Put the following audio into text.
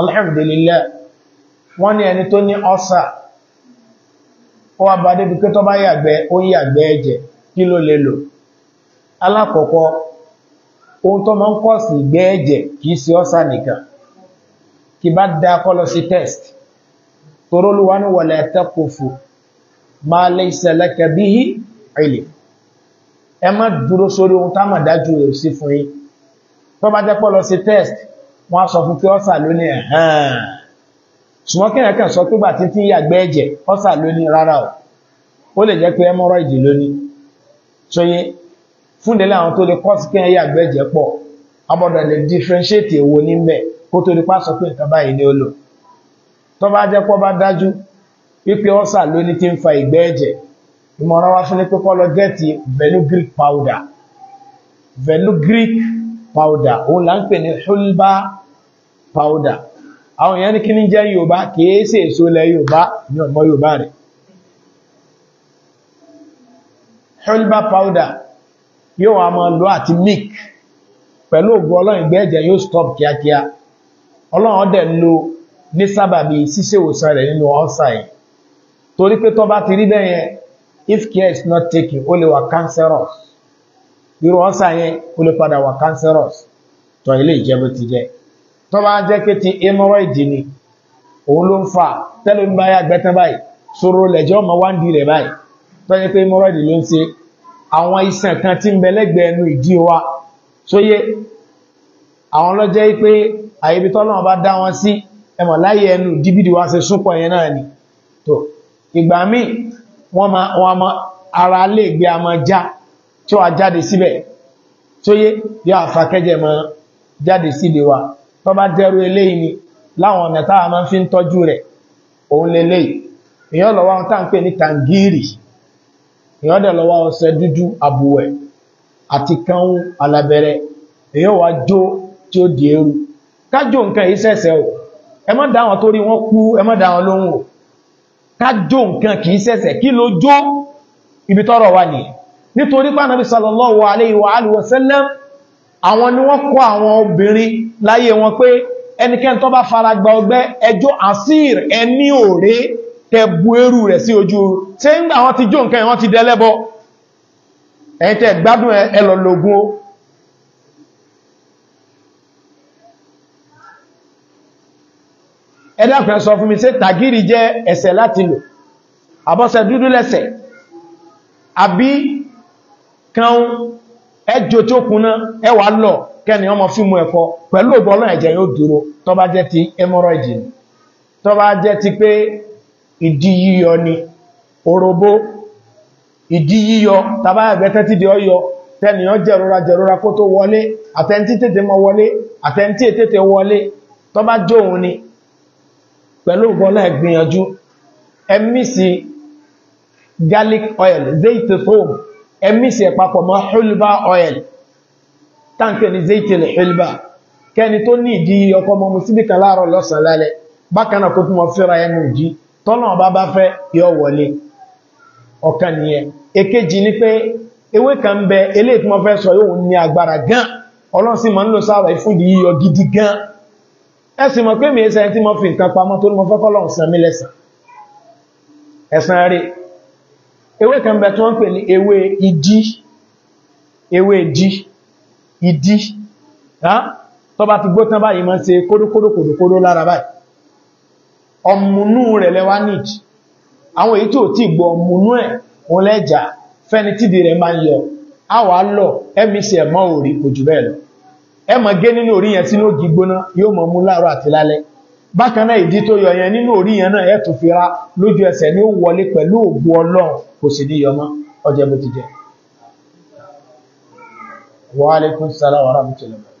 alhamdulillah wọ́n ní ẹni tó ní ọ́sà ó wá bá débi pé tó bá yàgbẹ́ ó ń yàgbẹ́ ẹ̀jẹ̀ kí ló lè lò alákọ̀ọ́kọ́ ohun tó máa ń kọ́ sí ìgbẹ́ ẹ̀jẹ̀ kìí sí ọ́sà nìkan kí bá dá kọ́ lọ sí test torólúwá ní wala taqfu wọ́n sọ fún pé ọ́sà lónìí ẹ̀hàn ṣùgbọ́n kí ẹ̀kàn sọ pé gbàtí tí yàgbẹ́ ẹ̀jẹ̀ ọ́sà rárá o ó lè jẹ́ pé hemorrhoid lónìí ṣóyé fúndẹ̀lẹ̀ àwọn tó lè kọ́ kí ẹ yàgbẹ́ ẹ̀jẹ̀ pọ̀ lè differentiate èwo níbẹ̀ kó tó pé nǹkan báyìí tó bá fa ìgbẹ́ ẹ̀jẹ̀ ìmọ̀ràn wa fún ni pé kọ́ lọ gẹ́ẹ̀tì powder powder òun là ń pè ní hulba powder àwọn èèyàn ní kí ní jẹ́ Yorùbá kìí sí èso lẹ Yorùbá ní ọmọ Yorùbá rẹ̀ hulba powder yóò wá máa lọ àti milk pẹ̀lú ògùn Ọlọ́run ìgbẹ́ ẹ̀jẹ̀ yóò stop kíákíá Ọlọ́run dẹ̀ lo ní sábàbí ṣíṣe òsàn rẹ̀ nínú ọ́sà yìí torí pé tó bá ti rí bẹ́yẹn if care is not taken ó lè wà cancerous irú ọ́sà yẹn ó lè padà wà cancerous tó ilé ìjẹ́bó ti jẹ́ tó bá jẹ́ pé ti hemorrhoid ni òun ló ń fà tẹ́lẹ̀ ń bá yá gbẹ́tán báyìí sọ̀rọ̀ lẹ̀jọ́ ọmọ wá ń di rẹ̀ báyìí tó yẹ pé hemorrhoid ló ń ṣe àwọn iṣan kan tí ń bẹ lẹ́gbẹ̀ẹ́ ẹnu ìdí wa sóyé àwọn lọ́jẹ́ pé àyèbí tọ́lọ́run bá dá wọn sí ẹmọ̀ láyé ẹnu dìbìdì wá ṣe súnpọ̀ yẹn náà ni tó ìgbà míì wọ́n ma ara lè gbé a já tí wọ́n jáde síbẹ̀ tí ó yé yóò àfàkẹ́jẹ̀ mọ́ jáde síbi wa tó bá dẹ́rú eléyìí ni láwọn ọ̀nà táà máa fi ń tọ́jú rẹ̀ òun leléyìí èyàn lọ́wọ́ ohun táà ń pè ní tangiri èyàn dẹ̀ lọ́wọ́ ọṣẹ dúdú àbùwẹ̀ àti kánú alábẹ́rẹ́ èyàn wá jó tí ó di eru kájò nǹkan yìí sẹ́sẹ̀ o ẹ má dá wọn torí wọ́n kú ẹ má dá lóhùn o kájò nǹkan kìí sẹ́sẹ̀ kí ló jó ibi tọ́rọ̀ wà nìyẹn nítorí pànàbí sallallahu alayhi wa alihi wa sallam àwọn ni wọ́n kọ́ àwọn obìnrin láyé wọn pé ẹnikẹ́ni tó bá faragba ọgbẹ́ ẹjọ́ asír ẹni òré tẹbu eru rẹ̀ sí ojú tí àwọn ti jó nǹkan wọ́n ti dẹ́lẹ́bọ ẹ̀yin tẹ́ gbádùn ẹlọ́lógún ẹ̀dàkùnrin sọ fún mi àbí kan ẹjọ́ tó kúnná ẹwà lọ kẹni ọmọ fíìmù ẹ̀kọ́ pẹ̀lú ògbọ́lọ́ ẹ̀jẹ̀ yóò dúró tó bá jẹ́ ti hemorrhoid tó bá jẹ́ ti pé ìdí yíyọ ni òròbó ìdí yíyọ tàbá ẹ̀gbẹ́ tẹ́tí di ọyọ kó tó wọlé àtẹ́ntí tètè mọ wọlé àtẹ́ntí tètè wọlé bá òun ni pẹ̀lú ẹ̀gbìyànjú garlic oil ẹmísì ẹ̀papọ̀ mọ́ hulba oil tánkẹ̀ ni zaitil hulba kẹni tó ní ìdí ọkọ̀ mọ́ musíbí kan láàrọ̀ lọ́sàn lálẹ́ bákanáà kó tún wọ́n fẹ́ra ẹnu ìjí tọ́nà ọba bá fẹ́ yọ wọlé ọ̀kan nìyẹn èkejì ni pé ewé kan bẹ eléyìí tí wọ́n fẹ́ sọ yóò ní agbára gan ọlọ́run sì máa ń ìfún ìdí yíyọ gidi gan ẹ mọ̀ pé mi ẹsẹ̀ tí mo fi nǹkan pamọ́ tó ní mo fẹ́ kọ́ lọ́run ewé kan bẹ̀ tó ń pè ní ewé ìdí ewé ìdí ìdí tó bá ti gbó tán báyìí máa ń ṣe kódókódó kódókódó lára báyìí ọmúnú rẹ̀ lẹ́wà nìdí àwọn èyí tó ti gbọ́ ọmúnú ẹ̀ òun lẹ́jà fẹ́ni tídì rẹ̀ máa ń yọ a wà lọ ẹmísẹ̀ mọ́ orí kò jù bẹ́ẹ̀ lọ ẹ máa gé nínú orí yẹn bákanáà ìdí tó yọyẹn nínú orí yẹn náà ẹ̀tù fira lójú ẹsẹ̀ ní ó wọlé pẹ̀lú ògbó ọlọ́run kò sì ní yọmọ́ ọjẹ́ bó ti jẹ́ wa alaikum salaam wa rahmatullah